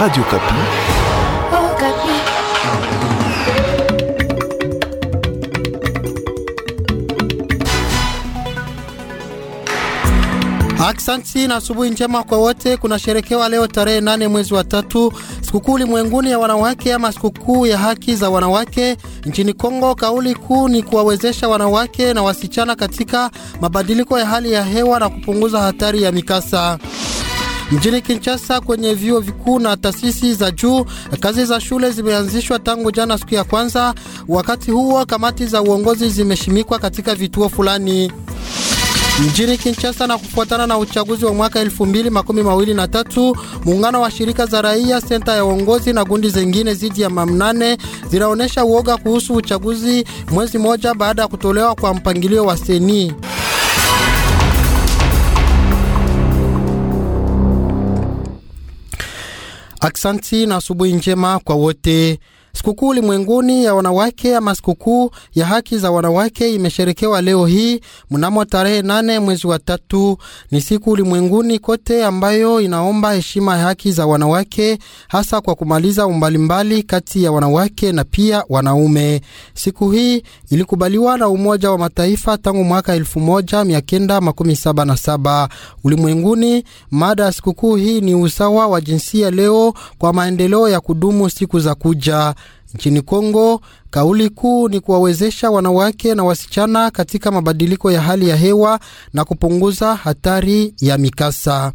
Radio Kapi. Oh, Kapi. Aksanti na asubuhi njema kwa wote. Kunasherekewa leo tarehe nane mwezi wa tatu sikukuu ulimwenguni ya wanawake ama sikukuu ya haki za wanawake nchini Kongo. Kauli kuu ni kuwawezesha wanawake na wasichana katika mabadiliko ya hali ya hewa na kupunguza hatari ya mikasa. Mjini Kinshasa, kwenye vyuo vikuu na taasisi za juu, kazi za shule zimeanzishwa tangu jana siku ya kwanza. Wakati huo kamati za uongozi zimeshimikwa katika vituo fulani mjini Kinshasa. Na kufuatana na uchaguzi wa mwaka 2023 muungano wa shirika za raia, senta ya uongozi na gundi zingine zidi ya mamnane zinaonyesha uoga kuhusu uchaguzi, mwezi mmoja baada ya kutolewa kwa mpangilio wa seni. Aksanti na asubuhi njema kwa wote. Sikukuu ulimwenguni ya wanawake ama sikukuu ya haki za wanawake imesherekewa leo hii mnamo tarehe nane mwezi wa tatu. Ni siku ulimwenguni kote ambayo inaomba heshima ya haki za wanawake, hasa kwa kumaliza umbalimbali kati ya wanawake na pia wanaume. Siku hii ilikubaliwa na Umoja wa Mataifa tangu mwaka 1977. Ulimwenguni, mada ya sikukuu hii ni usawa wa jinsia leo kwa maendeleo ya kudumu siku za kuja nchini Kongo. Kauli kuu ni kuwawezesha wanawake na wasichana katika mabadiliko ya hali ya hewa na kupunguza hatari ya mikasa.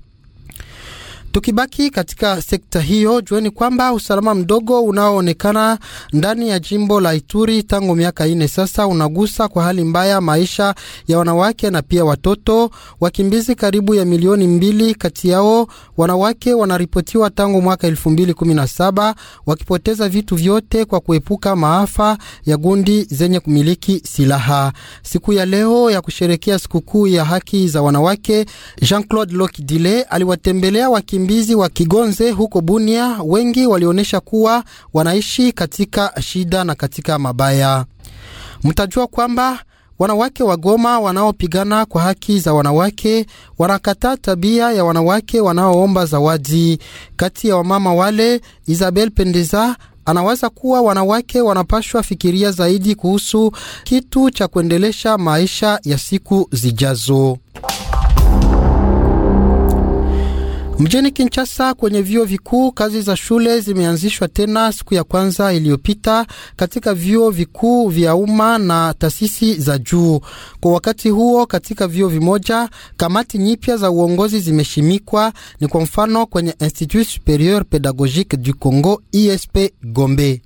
Tukibaki katika sekta hiyo, jueni kwamba usalama mdogo unaoonekana ndani ya jimbo la Ituri tangu miaka ine sasa unagusa kwa hali mbaya maisha ya wanawake na pia watoto. Wakimbizi karibu ya milioni mbili, kati yao wanawake wanaripotiwa tangu mwaka 2017 wakipoteza vitu vyote kwa kuepuka maafa ya gundi zenye kumiliki silaha. Siku ya leo ya kusherekea sikukuu ya haki za wanawake, Jean-Claude Lokidile aliwatembelea wakimbizi wakimbizi wa Kigonze huko Bunia, wengi walionyesha kuwa wanaishi katika shida na katika mabaya. Mtajua kwamba wanawake wa Goma wanaopigana kwa haki za wanawake wanakataa tabia ya wanawake wanaoomba zawadi. Kati ya wamama wale, Isabel Pendeza anawaza kuwa wanawake wanapashwa fikiria zaidi kuhusu kitu cha kuendelesha maisha ya siku zijazo. Mjini Kinshasa kwenye vyuo vikuu kazi za shule zimeanzishwa tena siku ya kwanza iliyopita katika vyuo vikuu vya umma na taasisi za juu. Kwa wakati huo, katika vyuo vimoja kamati nyipya za uongozi zimeshimikwa, ni kwa mfano kwenye Institut Superieur Pedagogique du Congo ISP Gombe.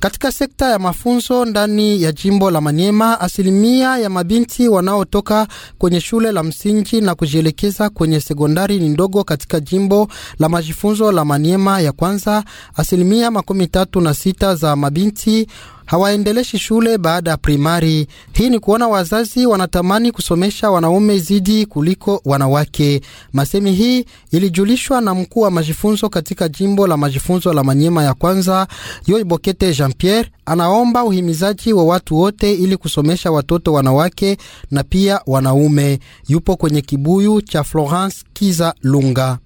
Katika sekta ya mafunzo ndani ya jimbo la Maniema, asilimia ya mabinti wanaotoka kwenye shule la msingi na kujielekeza kwenye sekondari ni ndogo. Katika jimbo la majifunzo la Maniema ya kwanza, asilimia makumi tatu na sita za mabinti hawaendeleshi shule baada ya primari. Hii ni kuona wazazi wanatamani kusomesha wanaume zidi kuliko wanawake. Masemi hii ilijulishwa na mkuu wa majifunzo katika jimbo la majifunzo la Manyema ya kwanza, Yoibokete Jean Pierre. Anaomba uhimizaji wa watu wote ili kusomesha watoto wanawake na pia wanaume. Yupo kwenye kibuyu cha Florence Kiza Lunga.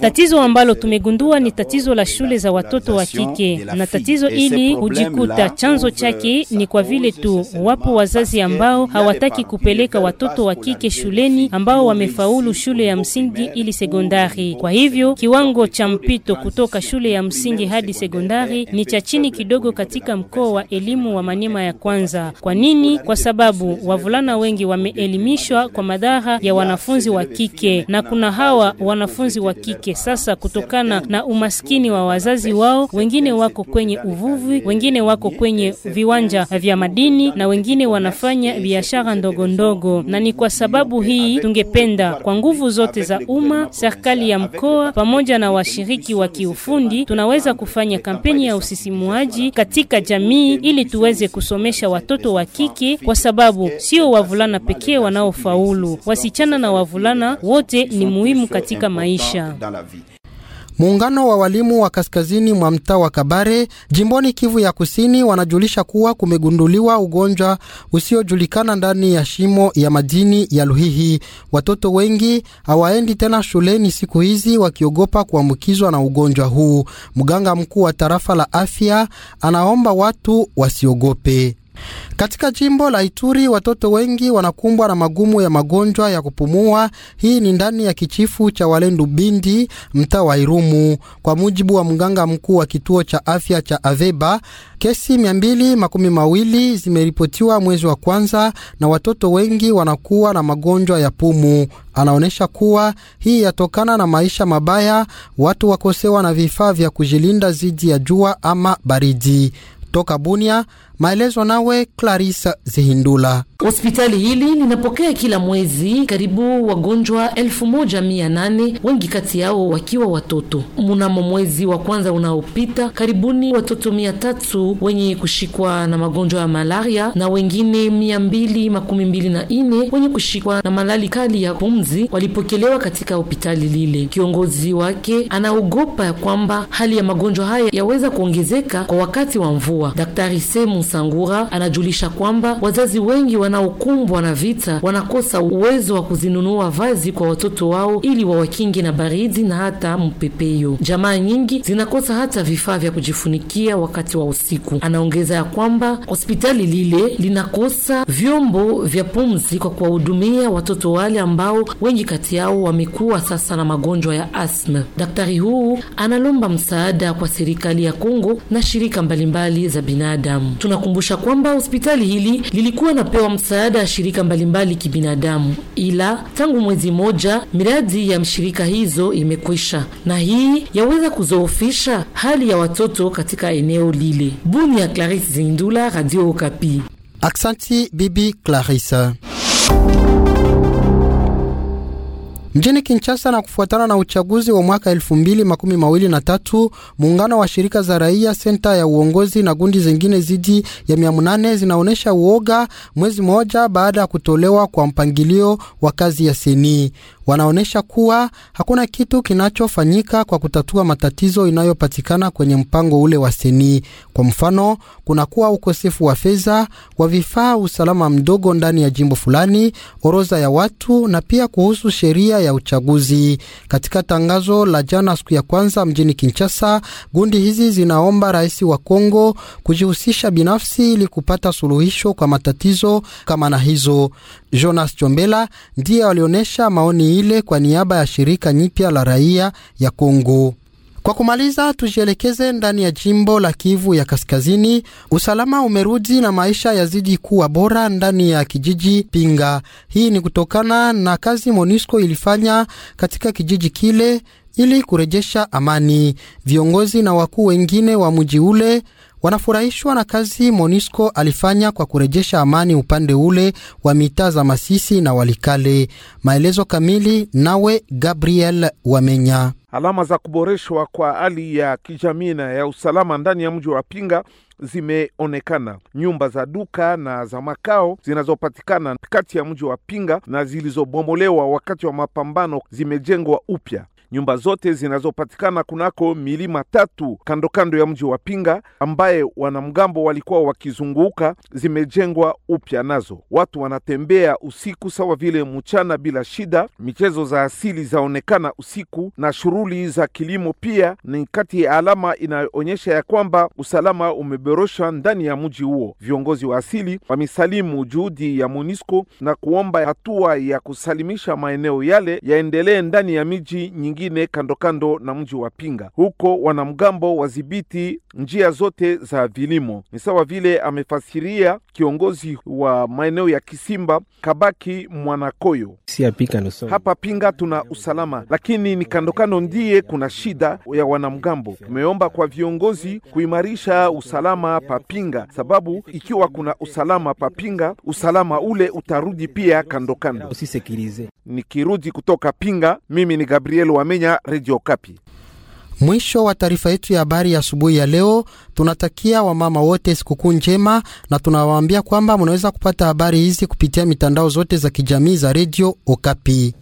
Tatizo ambalo tumegundua ni tatizo la shule za watoto wa kike, na tatizo hili hujikuta chanzo chake ni kwa vile tu wapo wazazi ambao hawataki kupeleka watoto wa kike shuleni ambao wamefaulu shule ya msingi ili sekondari. Kwa hivyo kiwango cha mpito kutoka shule ya msingi hadi sekondari ni cha chini kidogo katika mkoa wa elimu wa manema ya kwanza. Kwa nini? Kwa sababu wavulana wengi wameelimishwa kwa madhara ya wanafunzi wa kike na kuna hawa wanafunzi wa kike. Sasa kutokana na umaskini wa wazazi wao, wengine wako kwenye uvuvi, wengine wako kwenye viwanja vya madini na wengine wanafanya biashara ndogo ndogo, na ni kwa sababu hii tungependa kwa nguvu zote za umma, serikali ya mkoa pamoja na washiriki wa kiufundi, tunaweza kufanya kampeni ya usisimuaji katika jamii ili tuweze kusomesha watoto wa kike, kwa sababu sio wavulana pekee wanaofaulu, wasichana na wavulana wote ni muhimu katika katika maisha. Muungano wa walimu wa kaskazini mwa mtaa wa Kabare jimboni Kivu ya Kusini wanajulisha kuwa kumegunduliwa ugonjwa usiojulikana ndani ya shimo ya madini ya Luhihi. Watoto wengi hawaendi tena shuleni siku hizi wakiogopa kuambukizwa na ugonjwa huu. Mganga mkuu wa tarafa la afya anaomba watu wasiogope. Katika jimbo la Ituri watoto wengi wanakumbwa na magumu ya magonjwa ya kupumua. Hii ni ndani ya kichifu cha Walendu Bindi, mtaa wa Irumu. Kwa mujibu wa mganga mkuu wa kituo cha afya cha Aveba, kesi mia mbili makumi mawili zimeripotiwa mwezi wa kwanza, na watoto wengi wanakuwa na magonjwa ya pumu. Anaonyesha kuwa hii yatokana na maisha mabaya, watu wakosewa na vifaa vya kujilinda dhidi ya jua ama baridi. Toka Bunia, Maelezo nawe Clarissa Zihindula. Hospitali hili linapokea kila mwezi karibu wagonjwa elfu moja mia nane wengi kati yao wakiwa watoto. Mnamo mwezi wa kwanza unaopita, karibuni watoto mia tatu wenye kushikwa na magonjwa ya malaria na wengine mia mbili makumi mbili na ine wenye kushikwa na malali kali ya pumzi walipokelewa katika hospitali lile. Kiongozi wake anaogopa kwamba hali ya magonjwa haya yaweza kuongezeka kwa wakati wa mvua. Daktari Semu sangura anajulisha kwamba wazazi wengi wanaokumbwa na vita wanakosa uwezo wa kuzinunua vazi kwa watoto wao ili wawakinge na baridi na hata mpepeyo. Jamaa nyingi zinakosa hata vifaa vya kujifunikia wakati wa usiku. Anaongeza ya kwamba hospitali lile linakosa vyombo vya pumzi kwa kuwahudumia watoto wale ambao wengi kati yao wamekuwa sasa na magonjwa ya asma. Daktari huu analomba msaada kwa serikali ya Kongo na shirika mbalimbali mbali za binadamu Tuna tunakumbusha kwamba hospitali hili lilikuwa napewa msaada ya shirika mbalimbali kibinadamu, ila tangu mwezi moja miradi ya mshirika hizo imekwisha, na hii yaweza kuzoofisha hali ya watoto katika eneo lile. Buni ya Clarisse Zindula, Radio Okapi. Aksanti Bibi Clarisse. Mjini Kinshasa na kufuatana na uchaguzi wa mwaka tatu, muungano wa shirika za raia, senta ya uongozi na gundi zingine zidi ya 800 zinaonyesha uoga mwezi mmoja baada ya kutolewa kwa mpangilio wa kazi ya seni wanaonyesha kuwa hakuna kitu kinachofanyika kwa kutatua matatizo inayopatikana kwenye mpango ule wa seni. Kwa mfano, kunakuwa ukosefu wa fedha wa vifaa, usalama mdogo ndani ya jimbo fulani, orodha ya watu na pia kuhusu sheria ya uchaguzi. Katika tangazo la jana siku ya kwanza mjini Kinshasa, gundi hizi zinaomba rais wa Kongo kujihusisha binafsi ili kupata suluhisho kwa matatizo kama na hizo. Jonas Chombela ndiye walionyesha maoni ile kwa niaba ya shirika nyipya la raia ya Kongo. Kwa kumaliza, tujielekeze ndani ya jimbo la Kivu ya Kaskazini. Usalama umerudi na maisha yazidi kuwa bora ndani ya kijiji Pinga. Hii ni kutokana na kazi MONUSCO ilifanya katika kijiji kile ili kurejesha amani. Viongozi na wakuu wengine wa mji ule wanafurahishwa na kazi Monisco alifanya kwa kurejesha amani upande ule wa mitaa za Masisi na Walikale. Maelezo kamili nawe Gabriel Wamenya. Alama za kuboreshwa kwa hali ya kijamii na ya usalama ndani ya mji wa Pinga zimeonekana. Nyumba za duka na za makao zinazopatikana kati ya mji wa Pinga na zilizobomolewa wakati wa mapambano zimejengwa upya nyumba zote zinazopatikana kunako milima tatu kando kando ya mji wa Pinga ambaye wanamgambo walikuwa wakizunguka zimejengwa upya, nazo watu wanatembea usiku sawa vile mchana bila shida. Michezo za asili zaonekana usiku na shughuli za kilimo pia ni kati ya alama inayoonyesha ya kwamba usalama umeborosha ndani ya mji huo. Viongozi wa asili wamesalimu juhudi ya monisco na kuomba hatua ya kusalimisha maeneo yale yaendelee ndani ya miji nyingine nyingine kando kando na mji wa Pinga. Huko wanamgambo wadhibiti njia zote za vilimo. Ni sawa vile amefasiria kiongozi wa maeneo ya Kisimba Kabaki Mwanakoyo. Hapa Pinga tuna usalama, lakini ni kandokando ndiye kuna shida ya wanamgambo. Tumeomba kwa viongozi kuimarisha usalama pa Pinga, sababu ikiwa kuna usalama pa Pinga, usalama ule utarudi pia kandokando. Nikirudi kutoka Pinga, mimi ni Gabriel wa Wamenya, Radio Kapi. Mwisho wa taarifa yetu ya habari ya asubuhi ya leo. Tunatakia wamama wote sikukuu njema, na tunawaambia kwamba mnaweza kupata habari hizi kupitia mitandao zote za kijamii za Radio Okapi.